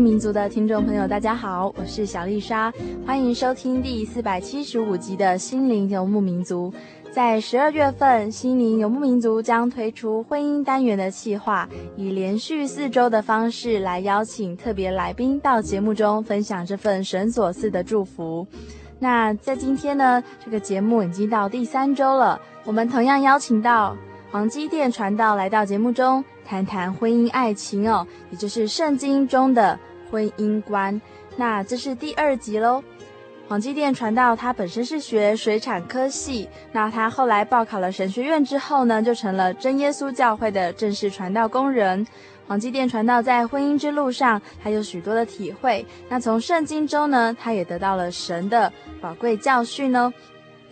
民族的聽眾朋友，大家好，我是小麗莎，歡迎收聽第四百七十五集的《心靈遊牧民族》。在十二月份，《心靈遊牧民族》將推出婚姻單元的企劃，以連續四周的方式來邀請特別來賓到節目中分享這份神所賜的祝福。那在今天呢，這個節目已經到第三周了，我們同樣邀請到黃基甸傳道來到節目中談談婚姻愛情哦，也就是聖經中的。婚姻觀，那這是第二集嘍。黃基甸傳道他本身是學水產科系，那他後來報考了神學院之後呢，就成了真耶穌教會的正式傳道工人。黃基甸傳道在婚姻之路上還有許多的體會，那從聖經中呢，他也得到了神的寶貴教訓呢。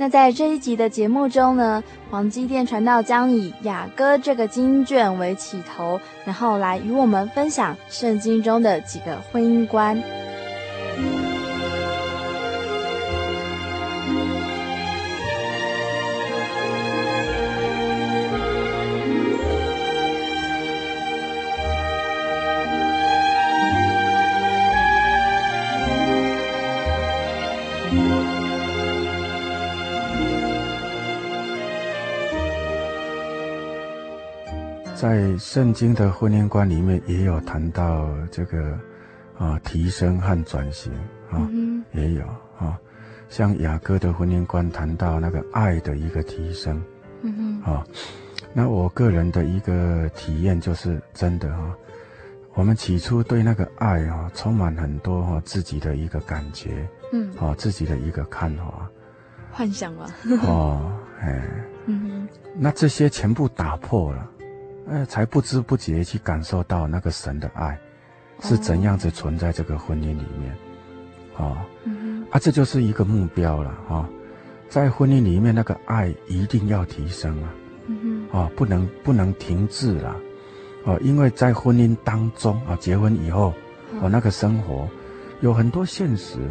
那在這一集的節目中呢，黃基甸傳道將以雅歌這個經卷為起頭，然後來與我們分享聖經中的幾個婚姻觀。在聖經的婚姻觀裡面，也有談到這個，啊，提升和轉型啊，嗯、哼也有啊，像雅歌的婚姻觀談到那個愛的一個提升，嗯哼，啊，那我個人的一個體驗就是，真的啊，我們起初對那個愛啊，充滿很多哈、啊、自己的一個感覺，嗯，啊，自己的一個看法，幻想吧， 哦，哎，嗯哼那這些全部打破了。才不知不覺去感受到那個神的愛，是怎樣子存在這個婚姻裡面，啊，啊，這就是一個目標了啊、哦，在婚姻裡面那個愛一定要提升啊，啊、嗯哼哦，不能不能停滯了，啊、哦，因為在婚姻當中啊，結婚以後、嗯哦，那個生活有很多現實，啊、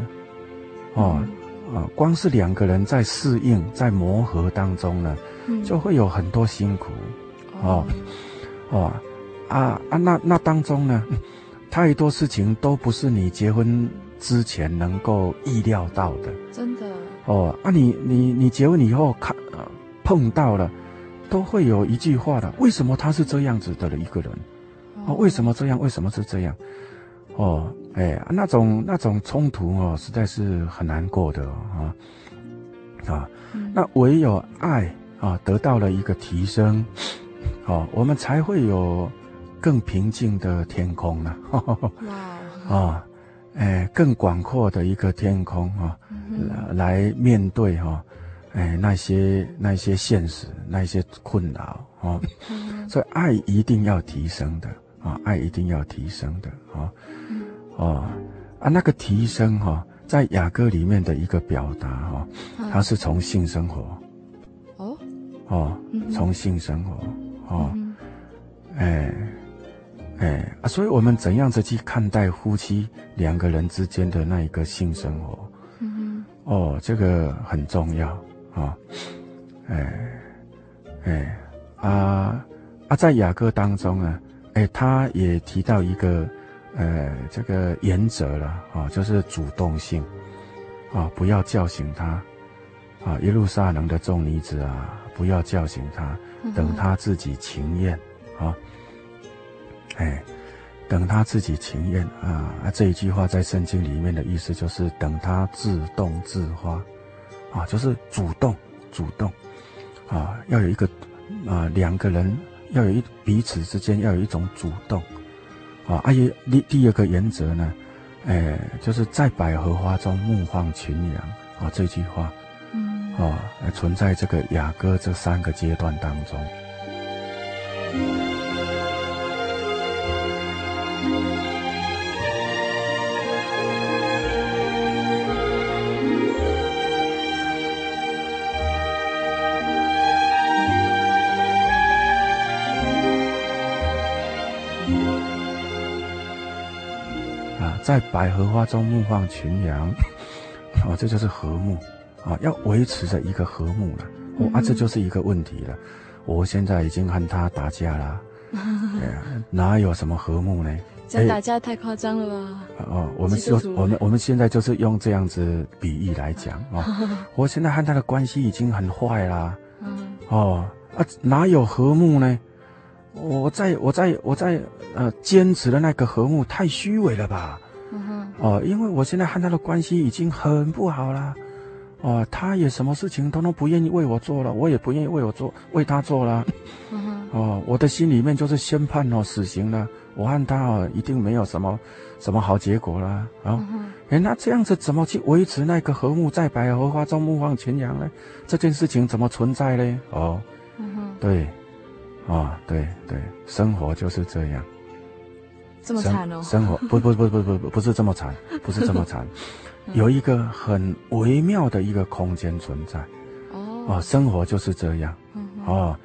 哦，嗯、啊，光是兩個人在適應、在磨合當中呢，嗯、就會有很多辛苦，啊、哦。嗯哦，啊啊，那那當中呢、嗯，太多事情都不是你結婚之前能夠意料到的。真的。哦，啊，你你你結婚以後看、呃，碰到了，都會有一句話的。為什麼他是這樣子的一個人？哦，哦，為什麼這樣？為什麼是這樣？哦，哎、欸，那種那種衝突哦，實在是很難過的啊、哦、啊。哦哦嗯、那唯有愛啊、哦，得到了一個提升。哦，我們才會有更平靜的天空呢。哇！啊，哎、哦欸，更廣闊的一個天空啊、哦，來來面對哈，哎、哦欸，那些那些現實，那些困擾啊、哦。所以愛一定要提升的啊、哦，愛一定要提升的啊。哦，啊，那個提升哈、哦，在雅歌裡面的一個表達哈、哦，它是從性生活。哦。哦，從性生活。哦、嗯哼哎，哎，哎啊，所以我們怎樣子去看待夫妻兩個人之間的那一個性生活？嗯、哼哦，這個很重要啊、哦，哎，哎啊啊，在雅歌當中啊，哎，他也提到一個，呃，這個原則了啊、哦，就是主動性啊、哦，不要叫醒他啊，耶路撒冷的眾女子啊，不要叫醒他。等他自己情願，啊，哎，等他自己情願啊，啊這一句話在聖經裡面的意思就是等他自動自發，啊，就是主動主動，啊，要有一個啊，兩個人要有一彼此之間要有一種主動，啊，啊一第第二個原則呢，哎，就是在百合花中牧放群羊啊，這一句話。啊、哦呃，存在這個雅歌這三個階段當中。啊，在百合花中牧放群羊，啊、哦，這就是和睦。啊，要維持着一個和睦了，我、嗯哼哦、啊，這就是一個問題了。我現在已經和他打架了，嗯哼啊、哪有什麼和睦呢？這打架太誇張了吧，欸啊？哦，我們說，我們我們現在就是用這樣子比喻來講啊。哦嗯，哼我現在和他的關係已經很壞啦，嗯哼，哦啊，哪有和睦呢？我在我在我在，我在呃，堅持的那個和睦太虛偽了吧？嗯，哼哦，因為我現在和他的關係已經很不好了。哦，他也什麼事情都都不願意為我做了，我也不願意為我做，為他做了。 哦，我的心裡面就是宣判了、哦、死刑了，我看他、哦、一定沒有什麼什麼好結果了啊、哦。 哎，那這樣子怎麼去維持那個和睦在百合花中牧放群羊呢？這件事情怎麼存在呢？哦， 對，啊、哦，對對，對，生活就是這樣，這麼慘哦。生，生活不不不不不不，不是這麼慘，不是這麼慘。 有一個很微妙的一個空間存在，哦，哦，生活就是這樣，嗯、哼哦，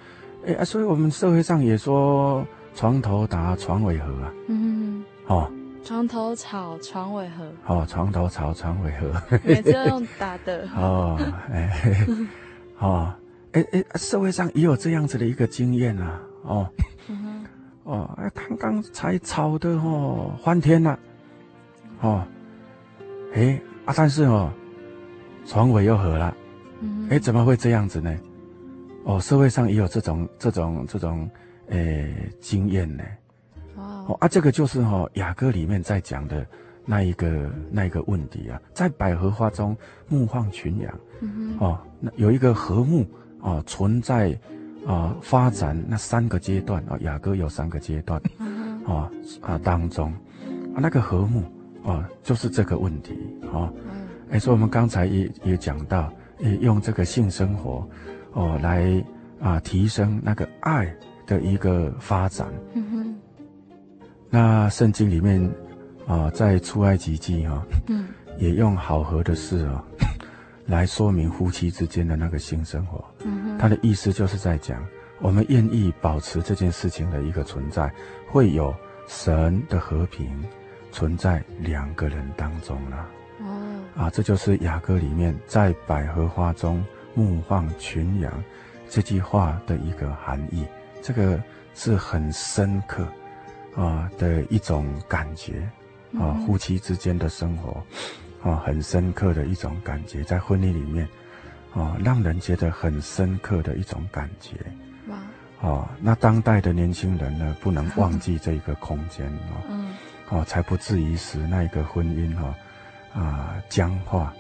哎、啊、所以我們社會上也說床頭打床尾和啊，嗯哼，哦，哦，床頭吵床尾和，哦，床頭吵床尾和，也是用打的， 哦，哎，哦，哎哎、啊，社會上也有這樣子的一個經驗啊，哦，嗯、哼哦，哎、啊，剛剛才吵的哦，翻天了，嗯、哼哦，哎。啊，但是哦，床尾又合了，嗯、哼誒，怎麼會這樣子呢？哦，社會上也有這種這種這種，誒、呃、經驗呢，哦，哦啊，這個就是哈、哦、雅歌裡面在講的那一個那一個問題啊，在百合花中，牧放群羊，嗯、哼哦，那有一個和睦哦，存在啊、哦、發展那三個階段啊、哦，雅歌有三個階段、嗯哼哦、啊啊當中，啊那個和睦。哦，就是這個問題，哦，哎，所以我們剛才也也講到，也用這個性生活，哦，來啊提升那個愛的一個發展。嗯哼。那聖經裡面啊，哦，在出埃及記哈，哦，嗯，也用好合的事哦，來說明夫妻之間的那個性生活。嗯哼。它的意思就是在講，我們願意保持這件事情的一個存在，會有神的和平。存在兩個人當中了，啊啊，哦，啊，這就是雅歌裡面在百合花中牧放群羊，這句話的一個含義。這個是很深刻啊，啊的一種感覺，啊，嗯，夫妻之間的生活，啊，很深刻的一種感覺，在婚姻裡面，啊，讓人覺得很深刻的一種感覺。哇，哦，啊，那當代的年輕人呢，不能忘記這一個空間，嗯，啊。嗯。哦，才不至於使那一個婚姻哈啊、哦呃、僵化，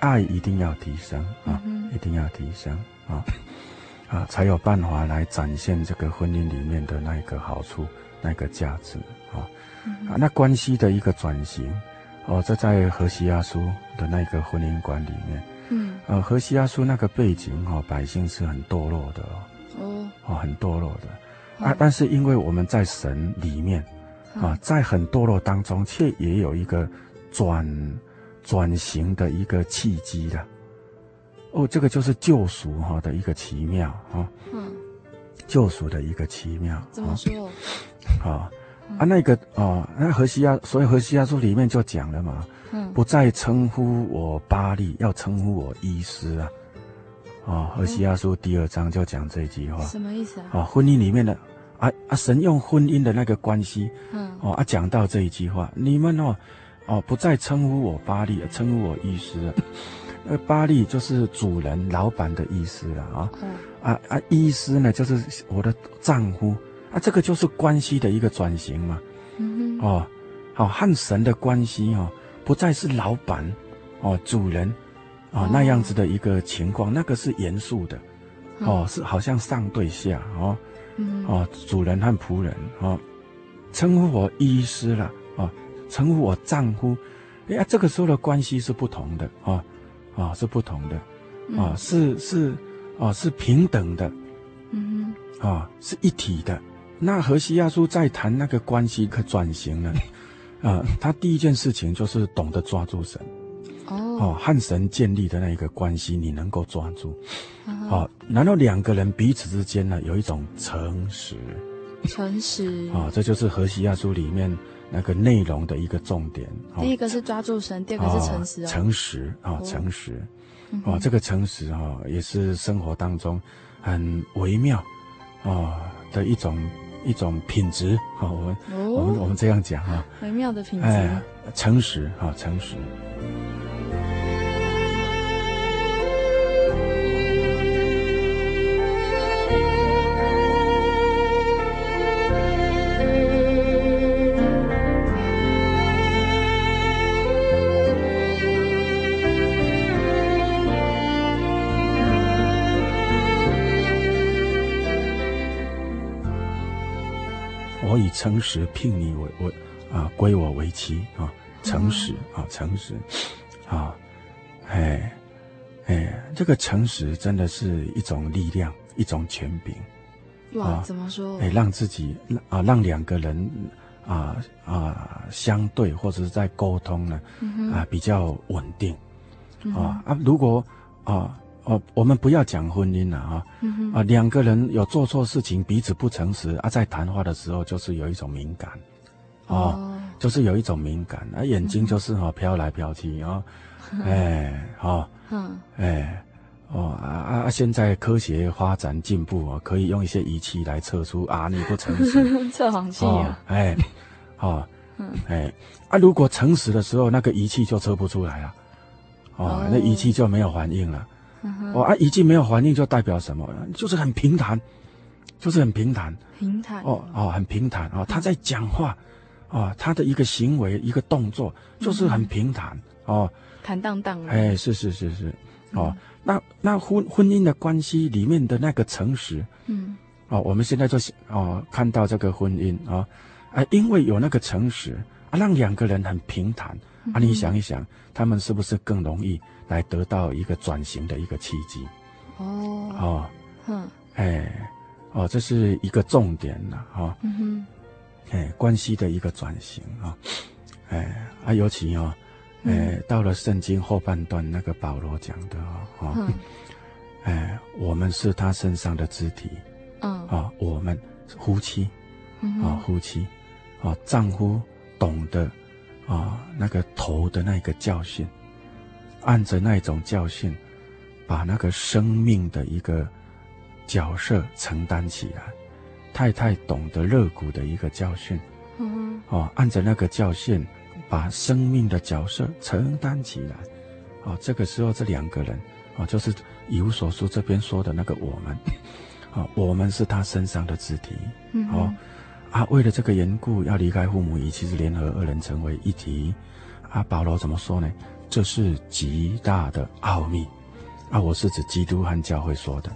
愛一定要提升啊，哦嗯、哼一定要提升啊、哦、 啊，才有辦法來展現這個婚姻裡面的那一個好處、那個價值啊、哦嗯、哼啊。那關係的一個轉型哦，這在何西阿書的那個婚姻觀裡面，嗯，呃，何西阿書那個背景哈、哦，百姓是很墮落的哦，哦，哦，很墮落的、嗯、啊，但是因為我們在神裡面。啊，在很墮落當中，卻也有一個轉轉型的一個契機的哦，這個就是救贖哈的一個奇妙啊，嗯，救贖的一個奇妙。怎麼說？啊、嗯、啊，那個啊，那何西阿，所以何西阿書裡面就講了嘛，嗯、不再稱呼我巴力，要稱呼我伊施啊，啊，何西阿書第二章就講這一句話、嗯。什麼意思啊？啊，婚姻裡面的。啊啊！神用婚姻的那個關係，哦、嗯、啊，講到這一句話，你們哦哦不再稱呼我巴力、呃，稱呼我伊施了。呃， 巴力就是主人、老闆的意思了、哦、Okay. 啊。啊啊，伊施呢就是我的丈夫、嗯、啊。這個就是關係的一個轉型嘛。嗯、哼哦，好，和神的關係哦，不再是老闆哦、主人、嗯、哦那樣子的一個情況，那個是嚴肅的、嗯、哦，是好像上對下哦。啊、哦，主人和僕人哦，稱呼我醫師了啊，稱、哦、呼我丈夫，哎、欸、呀、啊，這個時候的關係是不同的啊，啊是不同的，啊、哦哦、是、嗯哦、是啊是、哦、是平等的，嗯哼，啊、哦、是一體的。那何西阿書在談那個關係可轉型了，呃、 哦，他第一件事情就是懂得抓住神。哦，oh. 哦，和神建立的那一個關係，你能夠抓住，好、oh. 哦，然後兩個人彼此之間呢，有一種誠實，誠實，啊、哦，這就是《何西阿書》裡面那個內容的一個重點。哦、第一個是抓住神，第二個是誠實、哦，誠實啊、哦，誠實，oh. 哦，這個誠實哈、哦，也是生活當中很微妙，哦的一種一種品質。好、哦，我們、oh. 我們我們這樣講啊，哦、微妙的品質，誠實啊、哦，誠實。誠實聘你為我，啊、呃，歸我為妻啊！誠實啊，誠實，啊、呃，哎，哎、呃，這個誠實真的是一種力量，一種權柄。哇，呃、怎麼說？哎、呃，讓自己啊、呃，讓兩個人啊啊、呃呃、相對或者是在溝通呢啊、呃、比較穩定啊啊、嗯哼呃呃，如果啊。呃哦，我們不要講婚姻了啊、哦！嗯、哼啊，兩個人有做錯事情，彼此不誠實啊，在談話的時候就是有一種敏感，哦，哦就是有一種敏感，啊，眼睛就是哈、哦嗯、哼飄來飄去，然哎，好，嗯，哎，哦，嗯哎、哦啊啊,啊,啊現在科學發展進步啊，可以用一些儀器來測出啊你不誠實， 測謊器啊、哦，哎，好、哦，嗯，哎，啊，如果誠實的時候，那個儀器就測不出來了、啊，哦，哦那儀器就沒有反應了。Uh huh. 哦啊，已經沒有反應，就代表什麼？就是很平坦，就是很平坦，平坦。哦哦，很平坦啊！他、哦嗯、在講話，啊、哦，他的一個行為、一個動作，就是很平坦、嗯、哦。坦荡荡的。哎、欸，是是是是、嗯、哦。那那婚婚姻的關係裡面的那個誠實，嗯，哦，我們現在就想哦看到這個婚姻啊、哦，哎，因為有那個誠實啊，讓兩個人很平坦、嗯、哼啊。你想一想，他們是不是更容易？來得到一個轉型的一個契機，哦，哦，嗯呵，哎，哦，這是一個重點了、啊、哈，哦、嗯哼，哎，關係的一個轉型啊，哎啊，尤其哦，哎，到了聖經後半段那個保羅講的啊，哎，我們是他身上的肢體，啊、嗯哦，我們是夫妻，啊、嗯哼哦，夫妻，啊、哦，丈夫懂得啊、哦、那個頭的那個教訓。按着那種教訓，把那個生命的一個角色承擔起來。太太懂得肋骨的一個教訓，嗯、哼哦，按着那個教訓，把生命的角色承擔起來。哦，這個時候，這兩個人，哦，就是以弗所書這邊說的那個我們，啊、哦，我們是他身上的肢體，嗯、哼哦，啊，為了這個緣故，要離開父母，與妻子聯合，二人成為一體。阿、啊、保羅怎麼說呢？這是極大的奧秘，啊，我是指基督和教會說的，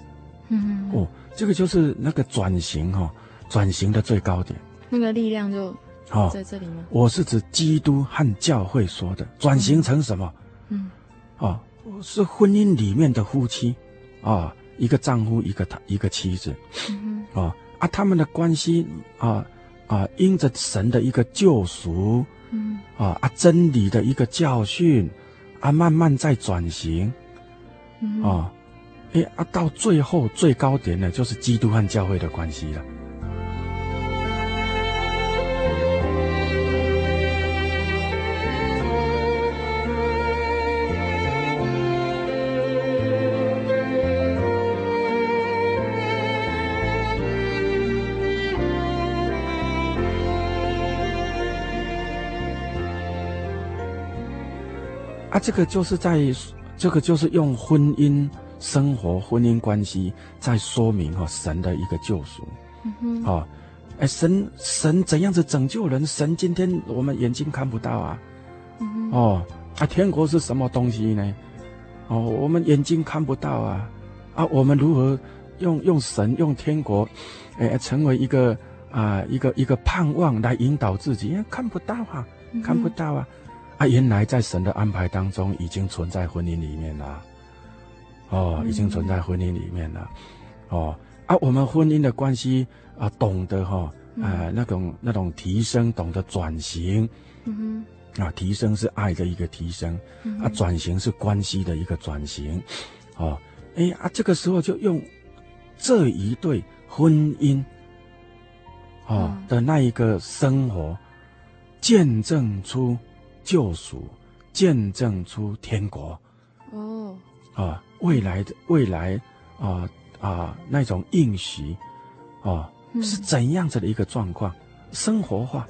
嗯哼，哦，這個就是那個轉型哈、哦，轉型的最高點，那個力量就哦在這裡嗎、哦？我是指基督和教會說的，轉型成什麼？嗯，啊、哦，是婚姻裡面的夫妻，啊、哦，一個丈夫，一個他，一個妻子，啊、嗯哼哦、啊，他們的關係啊啊，因着神的一個救贖，嗯哼，啊啊，真理的一個教訓。啊，慢慢在轉型，啊、嗯哼，哎、哦欸、啊，到最後最高點的就是基督和教會的關係了。啊、這個就是在，這個就是用婚姻生活、婚姻關係在說明、哦、神的一個救贖，嗯、哼哦，哎，神神怎樣子拯救人？神今天我們眼睛看不到啊，嗯、哼哦，啊，天國是什麼東西呢？哦，我們眼睛看不到啊，啊，我們如何用用神用天國，哎，成為一個啊一個一個盼望來引導自己？因為看不到啊，看不到啊。嗯啊，原來在神的安排當中已經存在婚姻裡面了，哦，已經存在婚姻裡面了，哦啊，我們婚姻的關係啊，懂得哈，呃、啊，嗯、那種那種提升，懂得轉型，嗯哼，啊，提升是愛的一個提升，嗯、哼啊，轉型是關係的一個轉型，哦，哎啊，這個時候就用這一對婚姻，哦、嗯、的那一個生活，見證出。救贖，見證出天國，哦，啊、呃，未來的未來，啊、呃、啊、呃，那種應許，哦、呃，嗯、哼是怎樣子的一個狀況？生活化，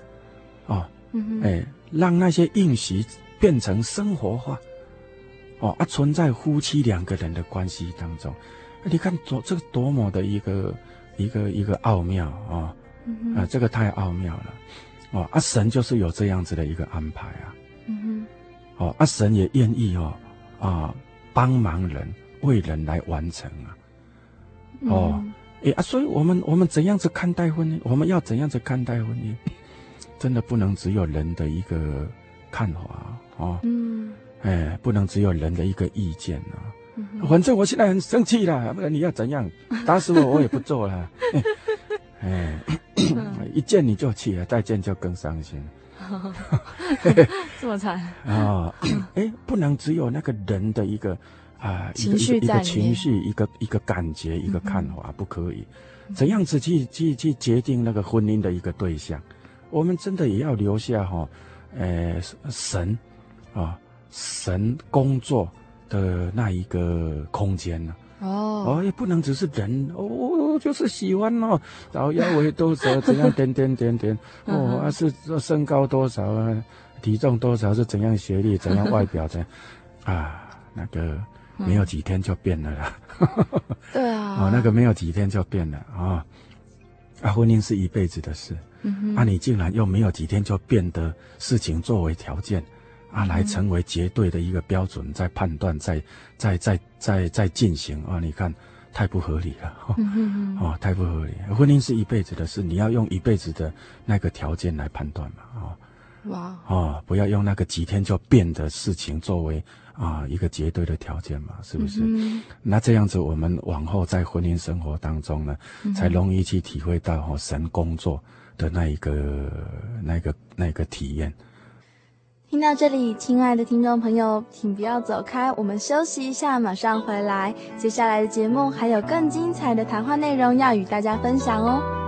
哦、呃，哎、嗯哼欸，讓那些應許變成生活化，哦、呃，啊，存在夫妻兩個人的關係當中，呃、你看多這個多麼的一個一個一個奧妙啊！啊、呃嗯哼呃，這個太奧妙了，哦、呃，啊，神就是有這樣子的一個安排啊。哦，阿、啊、神也願意哦，啊、哦，幫忙人為人來完成啊，哦，哎、嗯欸、啊，所以我們我們怎樣子看待婚姻？我們要怎樣子看待婚姻？真的不能只有人的一個看法哦。嗯，哎、欸，不能只有人的一個意見啊。嗯、哼反正我現在很生氣啦，不然你要怎樣？打死我我也不做了。哎，一見你就氣了，再見就更傷心。 欸、這麼慘啊！哎、哦 欸，不能只有那個人的一個啊、 呃、情緒、一個情緒、一個一個感覺、一個看法，不可以。怎樣子去 去去決定那個婚姻的一個對象？我們真的也要留下哈，呃，神啊、呃，神工作的那一個空間呢？Oh. 哦，也不能只是人，哦，就是喜歡哦，然後腰圍多少， 怎樣，點點點點， 哦，啊是身高多少啊，體重多少，是怎樣學歷，怎樣外表怎樣。 啊，那個沒有幾天就變了啦。對啊，哦，那個沒有幾天就變了啊，啊，婚姻是一輩子的事， 啊，你竟然又沒有幾天就變的事情作為條件。啊，來成為絕對的一個標準，在、嗯、判斷，在、在、在、在、在進行啊！你看，太不合理了，嗯、哼哦，太不合理。婚姻是一輩子的事，你要用一輩子的那個條件來判斷嘛，啊、哦！哇、哦，不要用那個幾天就變的事情作為啊一個絕對的條件嘛，是不是？嗯、哼那這樣子，我們往後在婚姻生活當中呢，嗯、哼才容易去體會到哈神工作的那一個、那個、那個體驗。聽到這裡，親愛的聽眾朋友，請不要走開，我們休息一下，馬上回來。接下來的節目還有更精彩的談話內容要與大家分享哦。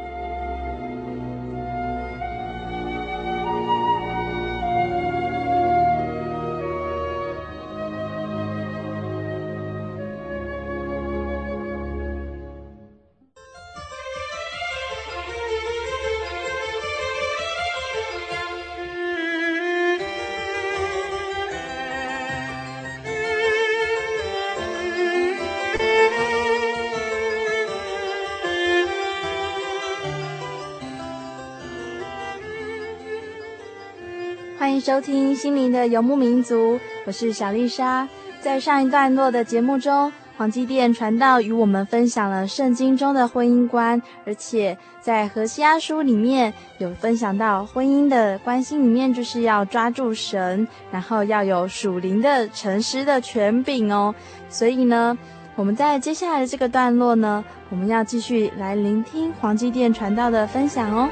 收聽心靈的游牧民族，我是小麗莎。在上一段落的節目中，黃基甸傳道與我們分享了聖經中的婚姻觀，而且在何西阿書裡面有分享到婚姻的關係裡面，就是要抓住神，然後要有屬靈的誠實的權柄哦。所以呢，我們在接下來的這個段落呢，我們要繼續來聆聽黃基甸傳道的分享哦。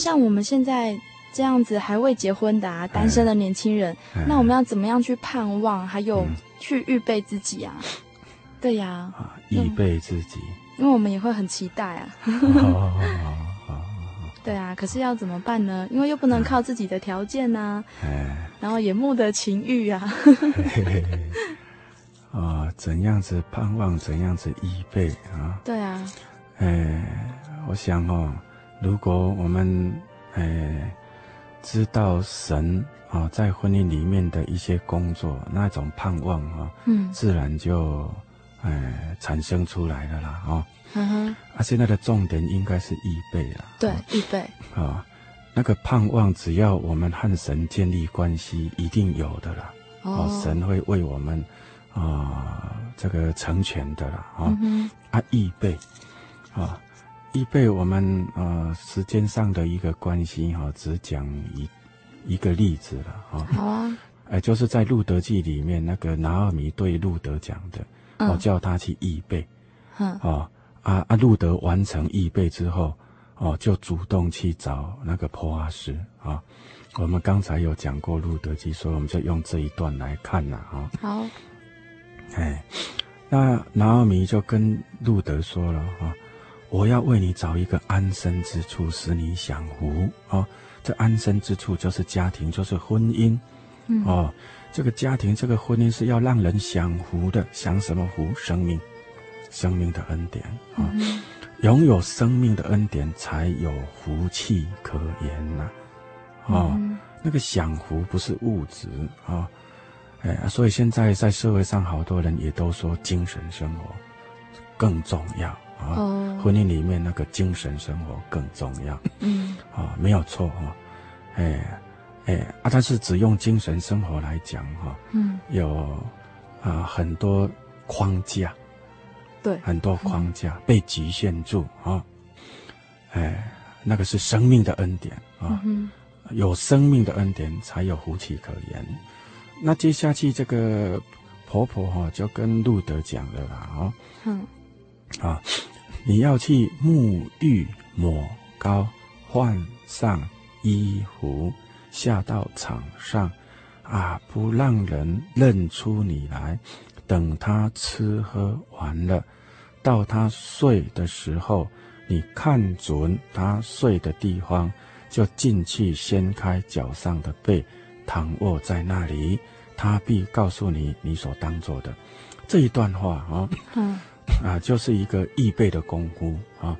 像我們現在這樣子還未結婚的、啊、單身的年輕人，哎、那我們要怎麼樣去盼望，還有去預備自己啊？對呀，預備自己，因為我們也會很期待啊。對啊，可是要怎麼辦呢？因為又不能靠自己的條件啊，哎、然後也慕的情欲啊。嘿嘿嘿。啊、哦，怎樣子盼望，怎樣子預備啊？對啊。哎，我想哦。如果我們誒、欸、知道神啊、哦、在婚姻裡面的一些工作，那種盼望啊，哦、嗯，自然就誒、欸、產生出來了啦，哦，嗯哼，啊，現在的重點應該是預備了，對，預備啊、哦，那個盼望，只要我們和神建立關係，一定有的啦哦，哦，神會為我們啊、呃、這個成全的啦，哦嗯、哼啊，啊，預備，啊、哦。易背我們呃時間上的一個關係哈、哦，只講一一個例子了哈。哦、好啊，哎，就是在路得記裡面，那個拿俄米對路得講的，嗯、哦，叫他去易背，嗯，哦，啊啊，路得完成易背之後，哦，就主動去找那個波阿斯啊、哦。我們剛才有講過路得記，所以我們就用這一段來看了啊。哦、好，哎，那拿俄米就跟路得說了啊。哦我要為你找一個安身之處，使你享福啊！這安身之處就是家庭，就是婚姻，嗯、哦，這個家庭、這個婚姻是要讓人享福的。享什麼福？生命，生命的恩典啊！擁、哦嗯、有生命的恩典，才有福氣可言吶、啊！哦，嗯、那個享福不是物質啊、哦！哎，所以現在在社會上，好多人也都說，精神生活更重要。啊，哦、婚姻裡面那個精神生活更重要。嗯，啊、哦，沒有錯啊、哦，哎，哎啊，但是只用精神生活來講哈，哦、嗯，有啊、呃、很多框架，對，很多框架被局限住啊、嗯哦，哎，那個是生命的恩典啊，哦嗯、哼有生命的恩典才有夫妻可言。那接下去這個婆婆哈就跟路得講的啦嗯，啊、哦。你要去沐浴、抹膏、換上衣服，下到場上，啊，不讓人認出你來。等他吃喝完了，到他睡的時候，你看準他睡的地方，就進去掀開腳上的被，躺臥在那裡，他必告訴你，你所當做的。這一段話啊、哦。嗯啊，就是一個預備的功夫啊。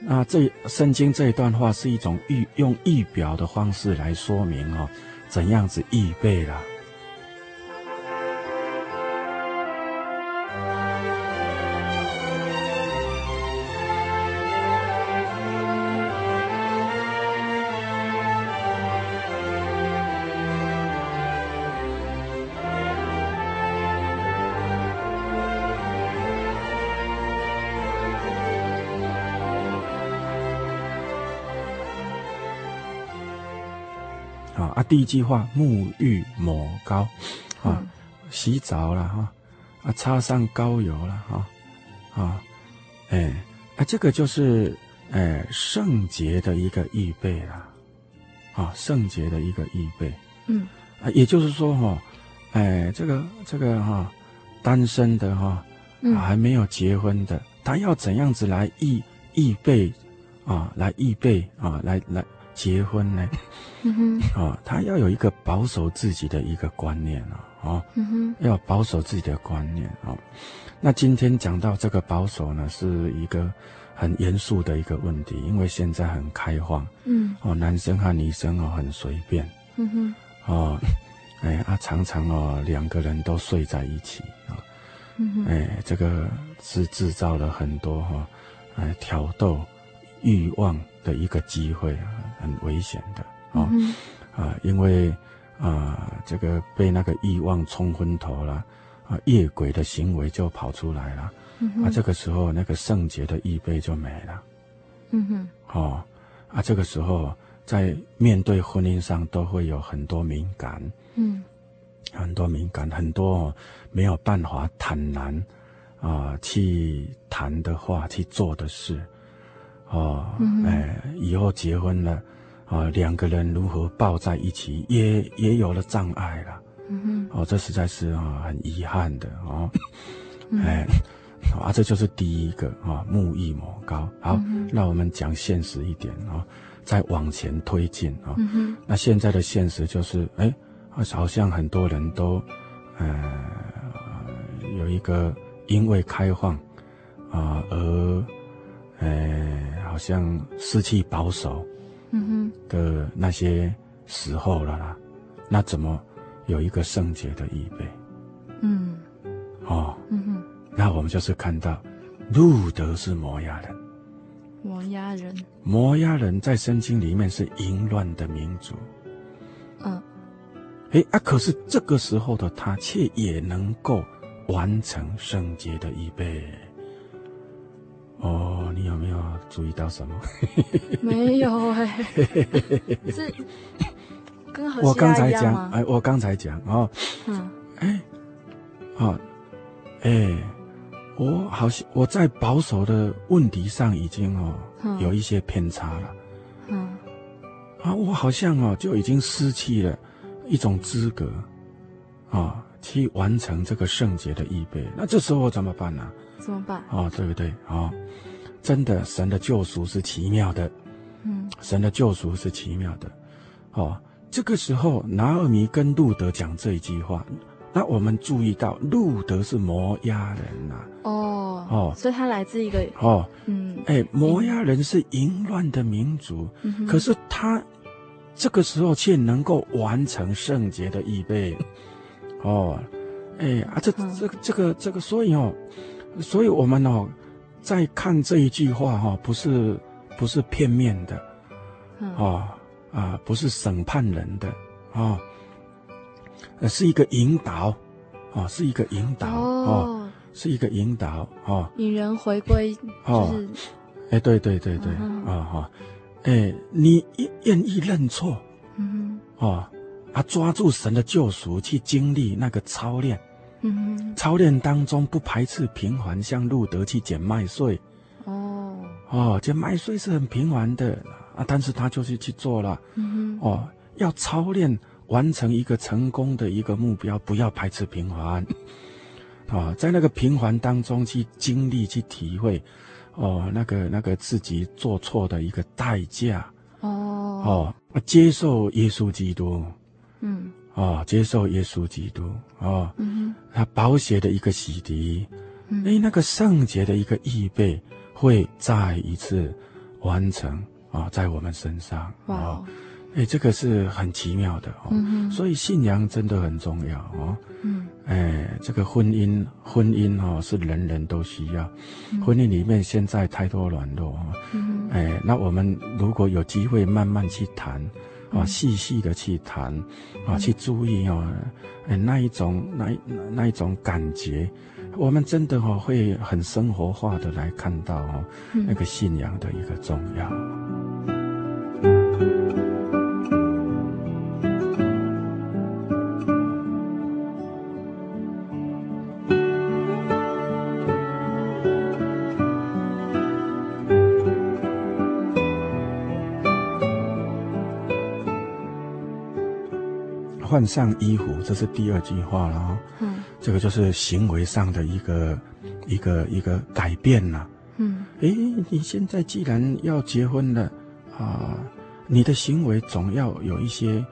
那這聖經這一段話是一種預用預表的方式來說明哦，怎樣子預備啦。啊，第一句話，沐浴抹膏，啊，嗯、洗澡了哈，啊，擦上膏油了哈、啊，啊，哎，啊，這個就是，哎、聖潔的一個預備了，啊，聖潔的一個預備，嗯，啊，也就是說哈、哦，哎，這個這個哈、啊，單身的哈、啊，還沒有結婚的，他、嗯、要怎樣子來預預備啊，來預備啊，來來。結婚呢？啊、哦，他要有一個保守自己的一個觀念啊、哦！啊、哦，要保守自己的觀念啊、哦！那今天講到這個保守呢，是一個很嚴肅的一個問題，因為現在很開放，嗯，哦，男生和女生哦很隨便，嗯哼，哦，哎啊，常常哦兩個人都睡在一起啊、哦，哎，這個是製造了很多哈、哦，哎挑逗慾望的一個機會啊。很危險的啊啊、哦嗯哼呃，因為啊、呃，這個被那個慾望沖昏頭了啊、呃，夜鬼的行為就跑出來了、嗯、哼啊。這個時候，那個聖潔的預備就沒了。嗯哼，哦啊，這個時候在面對婚姻上都會有很多敏感，嗯，很多敏感，很多沒有辦法坦然啊、呃、去談的話，去做的事。哦，嗯、哼哎，以後結婚了，啊、哦，兩個人如何抱在一起，也也有了障礙了。嗯、哼哦，這實在是啊很遺憾的哦，嗯、哼哎、嗯哼哦，啊，這就是第一個啊，木易磨高。好，那、嗯、哼我們講現實一點啊、哦，再往前推進啊。哦嗯、哼那現在的現實就是，哎，好像很多人都，呃，有一個因為開放，啊、呃、而。呃，好像濕氣保守嗯哼的那些時候了啦，嗯、哼那怎麼有一個聖潔的預備？嗯，哦，嗯哼，那我們就是看到路德是摩押人，摩押人，摩押人在聖經裡面是淫亂的民族。嗯，哎啊，可是這個時候的他，卻也能夠完成聖潔的預備。哦，你有沒有注意到什麼？ 沒有嘿、欸、是 跟好戲一樣嗎？我剛才講，哎，我剛才講哦，嗯，哎，好、哦，哎，我好像我在保守的問題上已經哦、嗯、有一些偏差了，嗯，啊，我好像哦就已經失去了一種資格，啊、哦，去完成這個聖潔的預備。那這時候我怎麼辦呢、啊？怎麼辦啊、哦？對不對啊、哦？真的，神的救贖是奇妙的。嗯，神的救贖是奇妙的。哦，這個時候拿俄米跟路德講這一句話，那我們注意到路德是摩押人吶、啊。哦哦，哦所以他來自一個哦嗯哎摩押人是淫亂的民族，嗯、哼可是他這個時候卻能夠完成聖潔的預備。嗯、哼哦，哎啊，好這這，這個這個這個，所以哦。所以我們哦，在看這一句話哈、哦，不是不是片面的，啊、嗯哦、啊，不是審判人的啊，是一個引導啊，是一個引導哦，是一個引導哦，引人回歸、就是、哦，哎，對對對對啊哈，哎、嗯哦，你願意認錯，嗯，啊、哦，啊，抓住神的救贖去經歷那個操練。嗯、操練當中不排斥平凡，像路德去撿麥穗，哦哦，撿麥穗是很平凡的啊，但是他就是去做了，嗯、哼哦，要操練完成一個成功的一個目標，不要排斥平凡，啊、 哦，在那個平凡當中去經歷去體會，哦，那個那個自己做錯的一個代價，哦哦，接受耶穌基督，嗯。啊、哦，接受耶穌基督啊，那、哦嗯、哼寶血的一個洗滌，哎、嗯，那個聖潔的一個預備，會再一次完成啊、哦，在我們身上啊，哎、哦，這個是很奇妙的、哦嗯、哼所以信仰真的很重要啊，哦、嗯誒，這個婚姻婚姻、哦、是人人都需要，嗯、婚姻裡面現在太多軟弱啊、嗯哼，那我們如果有機會慢慢去談。啊，細細的去談，嗯、啊，去注意哦，那一種，那一那一種感覺，我們真的哦，會很生活化的來看到、哦嗯、那個信仰的一個重要。換上衣服，這是第二句話了啊、哦。嗯，這個就是行為上的一個、一個、一個改變啦、啊。嗯，哎，你現在既然要結婚了啊、呃，你的行為總要有一些。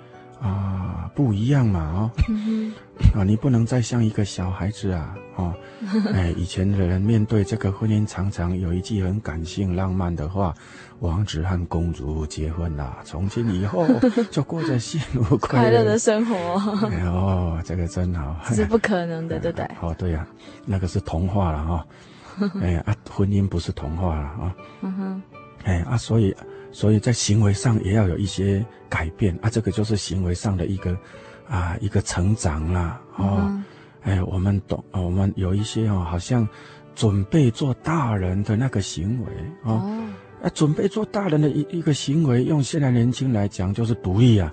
啊，不一樣嘛！哦，嗯、哼啊，你不能再像一個小孩子啊！哦，哎，以前的人面對這個婚姻，常常有一句很感性、浪漫的話：“王子和公主結婚了，從今以後就過着幸福快樂的生活。哎呦”哦，這個真好，這是不可能的，哎、呦對不對，對？哦，對呀、啊，那個是童話了哈、哦！哎呀、啊，婚姻不是童話了哈！哦嗯、哼哎啊，所以。所以在行為上也要有一些改變啊，這個就是行為上的一個，啊，一個成長啦，哦，uh huh. 哎，我們懂我們有一些哦，好像準備做大人的那個行為、哦 uh huh. 啊，哎，準備做大人的一一個行為，用現在年輕來講就是獨立啊，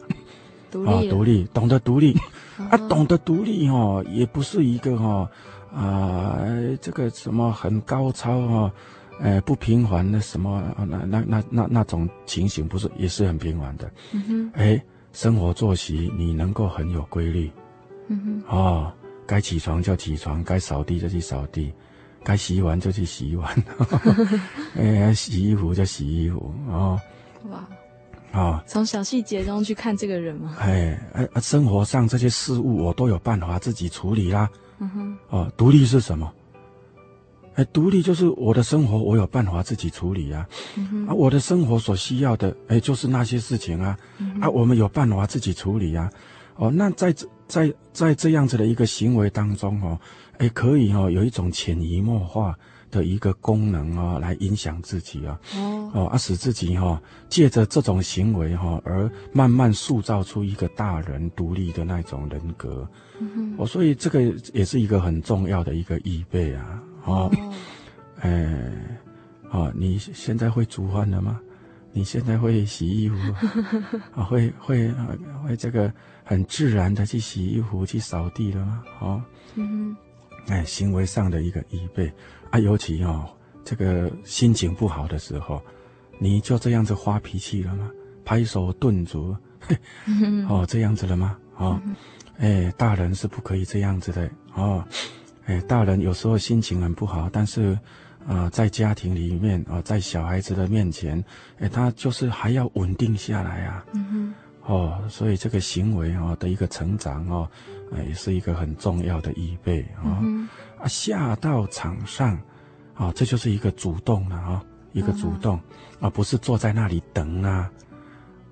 獨立、uh，獨、huh. 哦、立，懂得獨立，uh huh. 啊，懂得獨立哈、哦，也不是一個哈、哦，啊、呃，這個什麼很高超哈、哦。呃不平凡的什麼，那那那那那種情形，不是也是很平凡的？哎、嗯哼，生活作息你能夠很有規律，啊、嗯哼哦，該起床就起床，該掃地就去掃地，該洗碗就去洗碗，哎， 洗衣服就洗衣服啊。哦、哇，啊、哦，從小細節中去看這個人嗎？哎、啊，生活上這些事物我都有辦法自己處理啦。嗯哼，哦，獨立是什麼？哎，獨、欸、立就是我的生活，我有辦法自己處理呀、啊。嗯、哼啊，我的生活所需要的，欸、就是那些事情啊。嗯、哼啊，我們有辦法自己處理呀、啊。哦，那在在在這樣子的一個行為當中、哦欸、可以、哦、有一種潛移默化的一個功能啊、哦，來影響自己啊、哦。哦，哦，啊，使自己哈、哦，借着這種行為哈、哦，而慢慢塑造出一個大人獨立的那種人格，、嗯哼哦。所以這個也是一個很重要的一個預備啊。哦， 哎，哦，你現在會煮飯了嗎？你現在會洗衣服，哦、會會會這個很自然的去洗衣服，去掃地了嗎？哦，哎，行為上的一個預備啊，尤其哦，這個心情不好的時候，你就這樣子發脾氣了嗎？拍手頓足嘿，哦，這樣子了嗎？哦， 哎，大人是不可以這樣子的哦。哎、大人有時候心情很不好，但是，啊、呃，在家庭裡面啊、哦，在小孩子的面前，哎，他就是還要穩定下來啊。嗯、哼哦，所以這個行為啊、哦、的一個成長哦，哎，也是一個很重要的預備啊。哦嗯、哼啊，下到場上，啊、哦，這就是一個主動了啊，一個主動，而、嗯哼啊、不是坐在那裡等啊，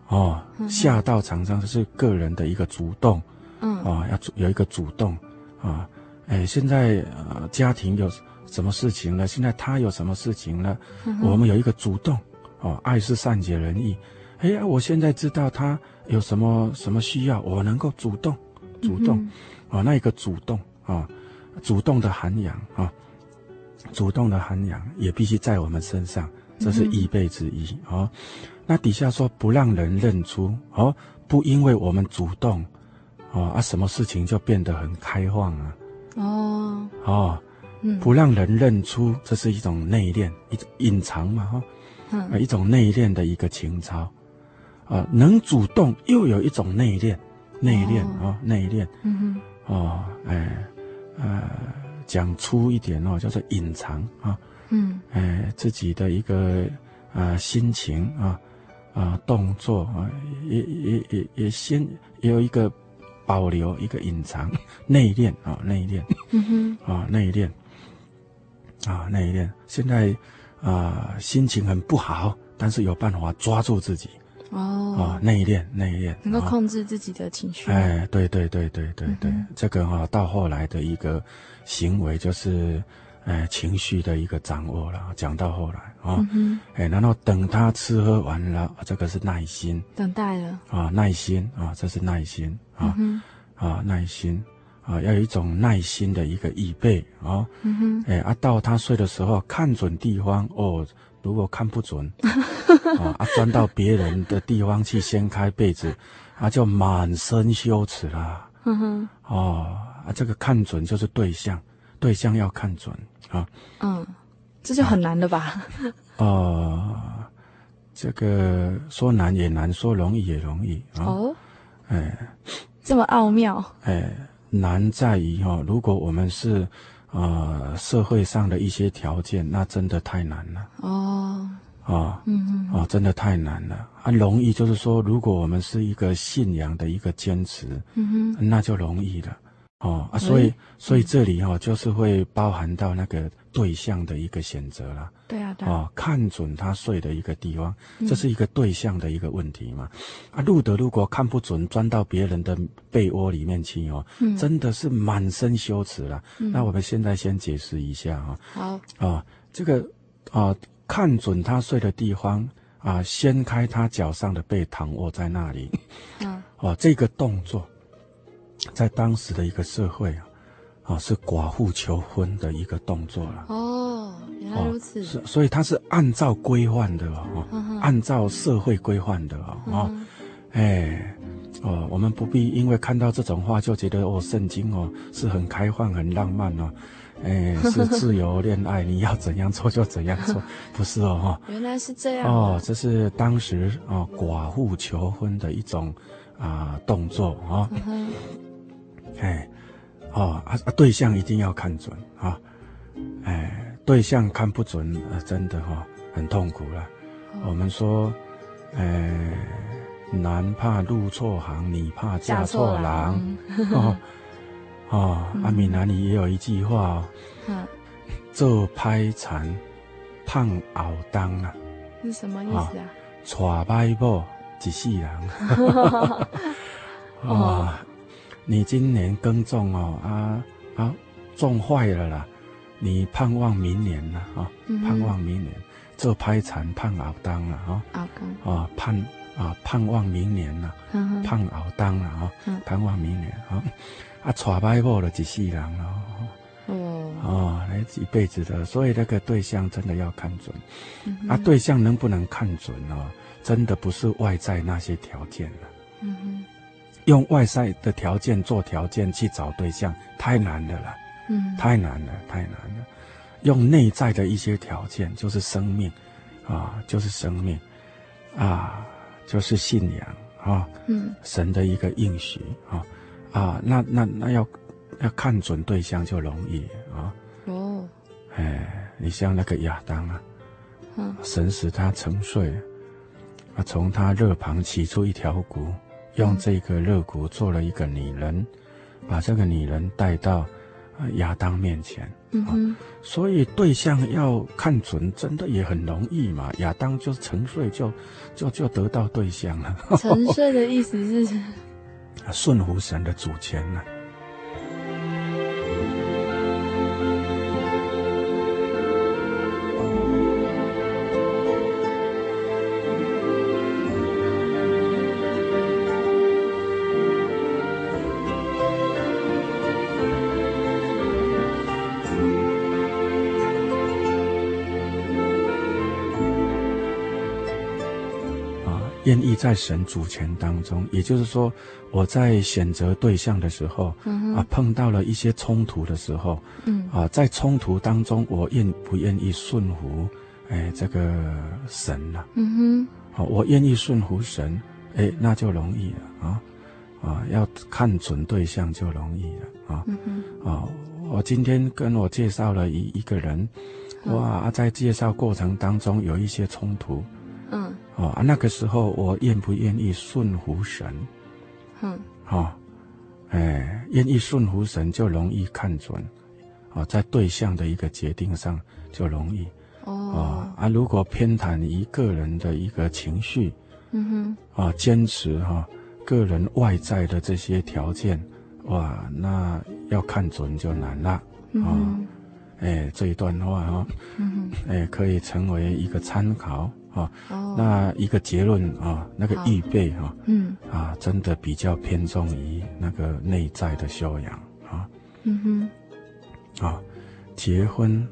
哦，嗯、哼下到場上這是個人的一個主動，啊、嗯哦，要有一個主動，啊、哦。哎，現在呃，家庭有什麼事情呢？現在他有什麼事情呢？呵呵我們有一個主動，哦，愛是善解人意。哎呀，我現在知道他有什麼什麼需要，我能夠主動，主動，嗯、哦，那一個主動啊、哦，主動的涵養啊、哦，主動的涵養也必須在我們身上，這是預備之一、嗯、哦。那底下說不讓人認出哦，不因為我們主動，哦啊，什麼事情就變得很開放啊？哦哦，哦嗯、不讓人認出，這是一種內斂，一種隱藏嘛，哈、哦，啊、嗯，一種內斂的一個情操，啊、呃，能主動又有一種內斂，內斂啊，內斂、哦，哦、嗯哼，哦，哎，講、呃、粗一點哦，叫做隱藏啊，哦、嗯，哎，自己的一個啊、呃、心情啊，啊、呃呃、動作啊、呃，也也也也先也有一個。保留一個隱藏、內斂啊、哦，內斂啊、嗯哼哦，內斂啊、哦，內斂現在啊、呃，心情很不好，但是有辦法抓住自己。哦，啊、哦，內斂內斂能夠控制自己的情緒。哦、哎，對對對對對對，嗯、哼這個啊、哦，到後來的一個行為就是。哎，情緒的一個掌握了，講到後來啊，哦嗯、哼哎，然後等他吃喝完了，這個是耐心等待了啊，耐心啊，這是耐心啊，嗯、哼啊，耐心啊，要有一種耐心的一個預備啊，哦嗯、哼哎，啊，到他睡的時候看準地方哦，如果看不準 啊，鑽到別人的地方去掀開被子，啊，就滿身羞恥啦，嗯、哼哦，啊，這個看準就是對象。對象要看準啊！嗯，這就很難了吧？啊、呃，這個說難也難，說容易也容易啊！哦，哎，這麼奧妙！哎，難在於哈、啊，如果我們是呃社會上的一些條件，那真的太難了。哦，啊，嗯嗯，啊，真的太難了啊！容易就是說，如果我們是一個信仰的一個堅持，嗯哼，那就容易了。哦啊，所以所以這裡哈、哦，嗯、就是會包含到那個對象的一個選擇了，對啊、嗯，對啊、哦。看準他睡的一個地方，嗯、這是一個對象的一個問題嘛？啊，路得如果看不準，鑽到別人的被窩裡面去哦，嗯、真的是滿身羞恥了。嗯、那我們現在先解釋一下哈、哦，好、嗯，啊、哦，這個啊、呃，看準他睡的地方啊、呃，掀開他腳上的被，躺臥在那裡，啊、嗯哦，這個動作。在當時的一個社會啊，啊、哦、是寡婦求婚的一個動作了哦，原來如此，哦、所以它是按照規範的啊、哦，呵呵按照社會規範的啊、哦呵哦欸，哦，哎，哦我們不必因為看到這種話就覺得哦聖經哦是很開放很浪漫了、哦，哎、欸、是自由戀愛，呵呵你要怎樣做就怎樣做，呵呵不是哦，哦原來是這樣、啊、哦，這是當時啊、哦、寡婦求婚的一種啊、呃、動作啊。哦呵呵哎，哦啊啊，對象一定要看準啊、哦！哎，對象看不準，啊、真的哈、哦、很痛苦了。哦、我們說，哎、呃，男怕入錯行，女怕嫁錯郎、嗯哦。哦，啊、閩、嗯啊、南裡也有一句話、哦，嗯，做拍殘，胖熬當啊，是什麼意思啊？娶白布一世人。哇、 哦！哦你今年耕種哦，啊啊，種壞了啦！你盼望明年呢，啊，盼望明年做拍殘盼熬當了啊，啊盼啊盼望明年了，盼熬當了啊，盼望明年啊，啊，揣掰破了一世人咯，哦、嗯、哼哦，哎，一輩子的，所以那個對象真的要看準，嗯、哼啊，對象能不能看準哦？真的不是外在那些條件了。用外在的條件做條件去找對象，太難的了啦，嗯，太難了，太難了。用內在的一些條件，就是生命，啊，就是生命，啊，就是信仰，啊，嗯，神的一個應許，啊，啊，那那那要要看準對象就容易啊。哦，哎，你像那個亞當啊，哦，神使他沉睡，啊，從他肋旁取出一條骨。用這個肋骨做了一個女人，把這個女人帶到，亞當面前。嗯哼、哦、所以對象要看準，真的也很容易嘛。亞當就沉睡就，就就就得到對象了。沉睡的意思是，順服神的主權了、啊願意在神主權當中，也就是說，我在選擇對象的時候、嗯、哼啊，碰到了一些衝突的時候，嗯，啊，在衝突當中，我願不願意順服，哎、欸，這個神、啊、嗯哼，好、啊，我願意順服神，哎、欸，那就容易了啊，啊，要看準對象就容易了啊，嗯哼、啊，我今天跟我介紹了一一個人，哇，嗯啊、在介紹過程當中有一些衝突，嗯。哦，啊，那個時候我願不願意順服神，嗯，哈、哦，哎，願意順服神就容易看準，啊、哦，在對象的一個決定上就容易，哦，哦，啊，如果偏袒一個人的一個情緒，嗯哼，啊、哦，堅持哈、哦，個人外在的這些條件，哇，那要看準就難了，啊、嗯哼、哦，哎，這一段話、哦、嗯哼，哎，可以成為一個參考。啊，哦哦，那一個結論啊、哦，那個預備好啊，嗯，啊，真的比較偏重於那個內在的修養啊，嗯哼，啊，結婚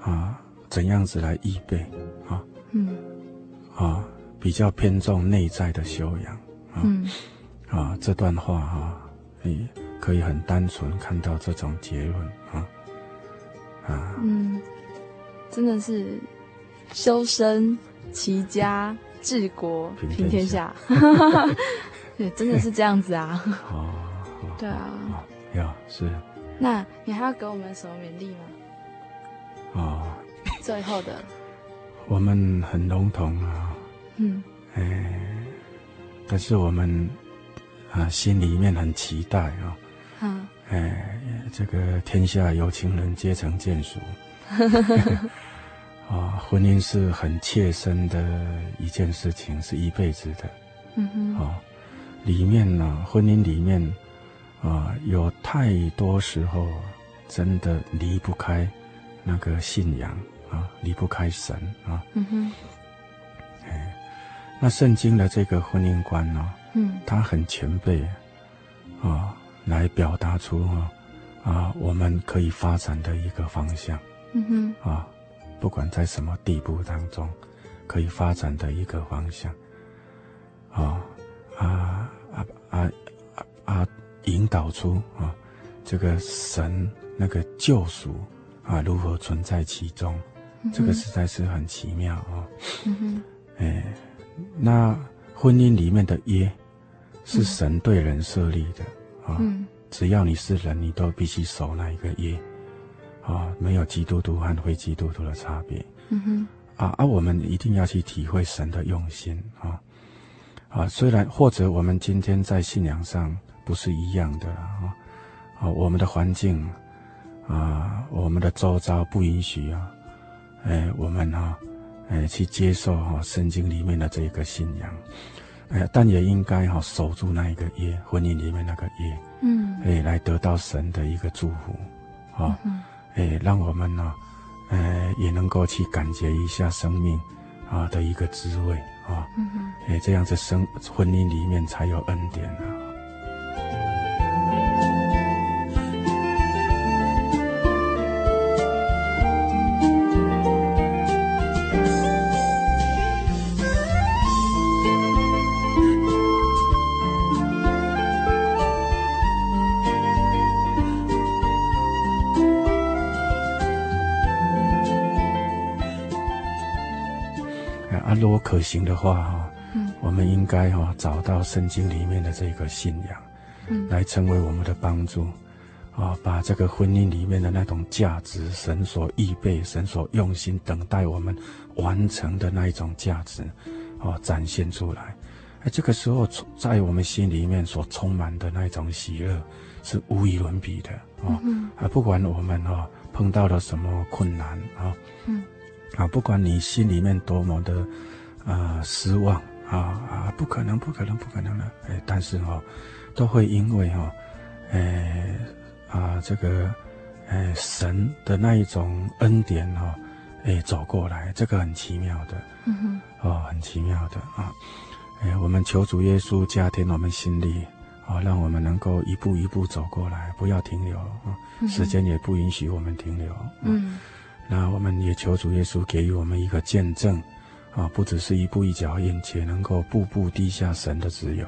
啊，怎樣子來預備啊，嗯，啊，比較偏重內在的修養，啊、嗯，啊，這段話哈、啊，你可以很單純看到這種結論啊，啊，嗯，真的是修身。齊家治國平天下，天下 對，真的是這樣子啊。欸、哦，哦對啊，有、哦，是。那你還要給我們什麼勉勵嗎？哦，最後的。我們很籠統啊。嗯。哎、欸，可是我們啊，心裡面很期待啊、哦。嗯。哎、欸，這個天下有情人皆成眷屬。 啊，婚姻是很切身的一件事情，是一輩子的。嗯哼，啊，裡面呢、啊，婚姻裡面，啊，有太多時候，真的離不開那個信仰啊，離不開神啊。嗯哼。哎，那聖經的這個婚姻觀呢、啊？嗯。它很前輩啊，嗯、啊，來表達出啊，啊，我們可以發展的一個方向。嗯哼。啊。不管在什麼地步當中，可以發展的一個方向，哦、啊啊啊啊啊，引導出啊、哦、這個神那個救贖啊如何存在其中，嗯、哼這個實在是很奇妙啊、哦嗯哼哎。那婚姻裡面的約，是神對人設立的啊，只要你是人，你都必須守那一個約。啊、哦，沒有基督徒和非基督徒的差別。嗯哼。啊，啊，我們一定要去體會神的用心啊，啊，雖然或者我們今天在信仰上不是一樣的啊，啊，我們的環境啊，我們的周遭不允許啊，哎，我們啊，哎，去接受哈、啊、聖經裡面的這一個信仰，哎，但也應該哈、啊、守住那一個約，婚姻裡面那個約，嗯，哎，來得到神的一個祝福，啊。嗯哎、欸，讓我們呢、啊呃，也能夠去感覺一下生命啊，啊的一個滋味啊，嗯哼欸、這樣子生婚姻裡面才有恩典啊。啊，如果可行的話哈，嗯，我們應該哈、哦、找到聖經裡面的這個信仰，嗯，來成為我們的幫助，啊、哦，把這個婚姻裡面的那種價值，神所預備、神所用心等待我們完成的那一種價值，啊、哦，展現出來。哎、啊，這個時候在我們心裡面所充滿的那種喜樂是無與倫比的啊，哦、嗯，嗯，啊，不管我們哈、哦、碰到了什麼困難啊，哦、嗯。啊，不管你心裡面多麼的，呃，失望啊啊，不可能，不可能，不可能了，哎，但是哦，都會因為哦，哎，啊，這個，哎，神的那一種恩典哦，哎，走過來，這個很奇妙的，嗯哼，哦，很奇妙的啊，哎，我們求主耶穌加添我們心力，啊、哦，讓我們能夠一步一步走過來，不要停留啊，時間也不允許我們停留，嗯，哼嗯。那我們也求主耶穌給予我們一個見證，啊，不只是一步一腳印，且能夠步步地下神的自由。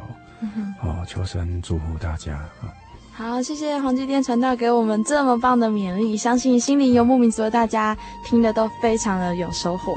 好，求神祝福大家、嗯、好，謝謝黃基甸傳道給我們這麼棒的勉勵，相信心靈遊牧民族的大家聽的都非常的有收穫。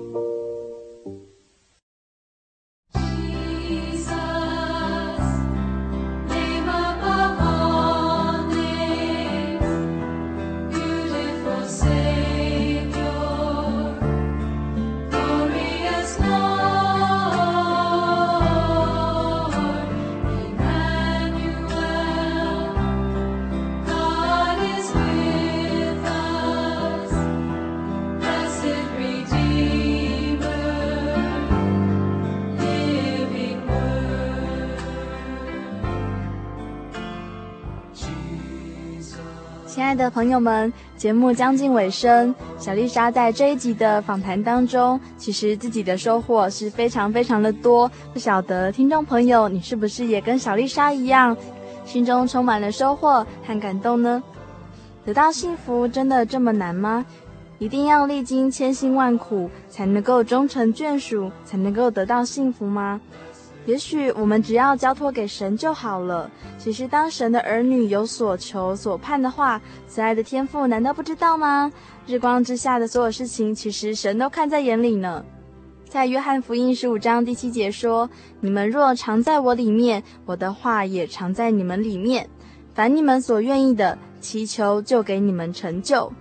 親愛的朋友們，節目將近尾聲，小麗莎在這一集的訪談當中，其實自己的收穫是非常非常的多。不曉得聽眾朋友，你是不是也跟小麗莎一樣，心中充滿了收穫和感動呢？得到幸福真的這麼難嗎？一定要歷經千辛萬苦才能夠終成眷屬，才能夠得到幸福嗎？也許我們只要交托給神就好了。其實，當神的兒女有所求、所盼的話，慈愛的天父難道不知道嗎？日光之下的所有事情，其實神都看在眼裡呢。在約翰福音十五章第七節說：“你們若常在我裡面，我的話也常在你們裡面。凡你們所願意的，祈求就給你們成就。”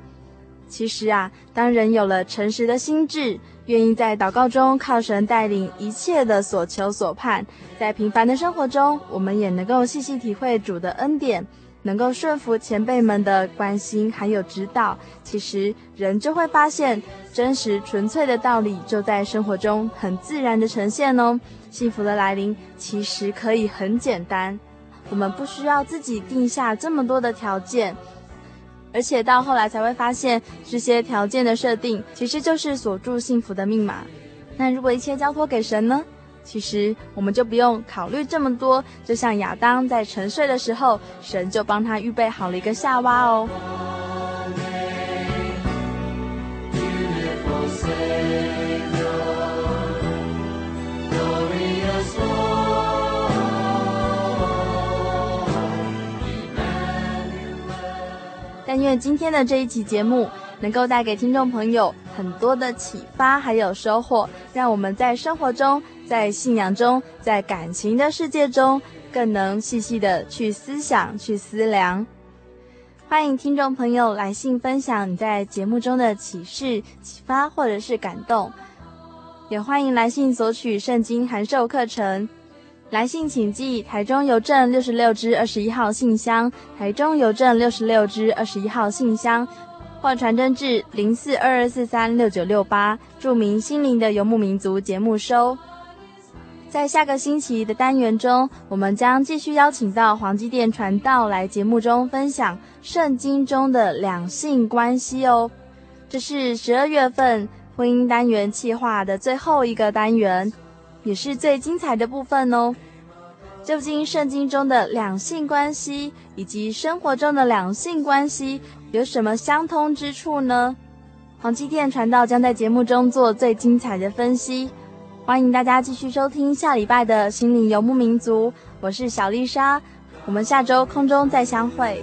其實啊，當人有了誠實的心智，願意在禱告中靠神帶領一切的所求所盼，在平凡的生活中，我們也能夠細細體會主的恩典，能夠順服前輩們的關心還有指導。其實，人就會發現，真實純粹的道理就在生活中很自然地呈現哦。幸福的來臨其實可以很簡單，我們不需要自己定下這麼多的條件。而且到後來才會發現，這些條件的設定其實就是鎖住幸福的密碼。那如果一切交托給神呢？其實我們就不用考慮這麼多，就像亞當在沉睡的時候，神就幫他預備好了一個夏娃哦。但願今天的這一期節目能夠帶給聽眾朋友很多的啟發，還有收穫，讓我們在生活中、在信仰中、在感情的世界中，更能細細的去思想、去思量。歡迎聽眾朋友來信分享你在節目中的啟示、啟發或者是感動，也歡迎來信索取聖經函授課程。來信請寄台中郵政六十六之二十一號信箱，台中郵政六十六之二十一號信箱，或傳真至零四二二四三六九六八，注明“心靈的遊牧民族”節目收。在下個星期的單元中，我們將繼續邀請到黃基甸傳道來節目中分享聖經中的兩性關係哦。這是十二月份婚姻單元企劃的最後一個單元。也是最精彩的部分哦。究竟聖經中的兩性關係以及生活中的兩性關係有什麼相通之處呢？黃基甸傳道將在節目中做最精彩的分析。歡迎大家繼續收聽下禮拜的《心靈遊牧民族》，我是小麗莎，我們下週空中再相會。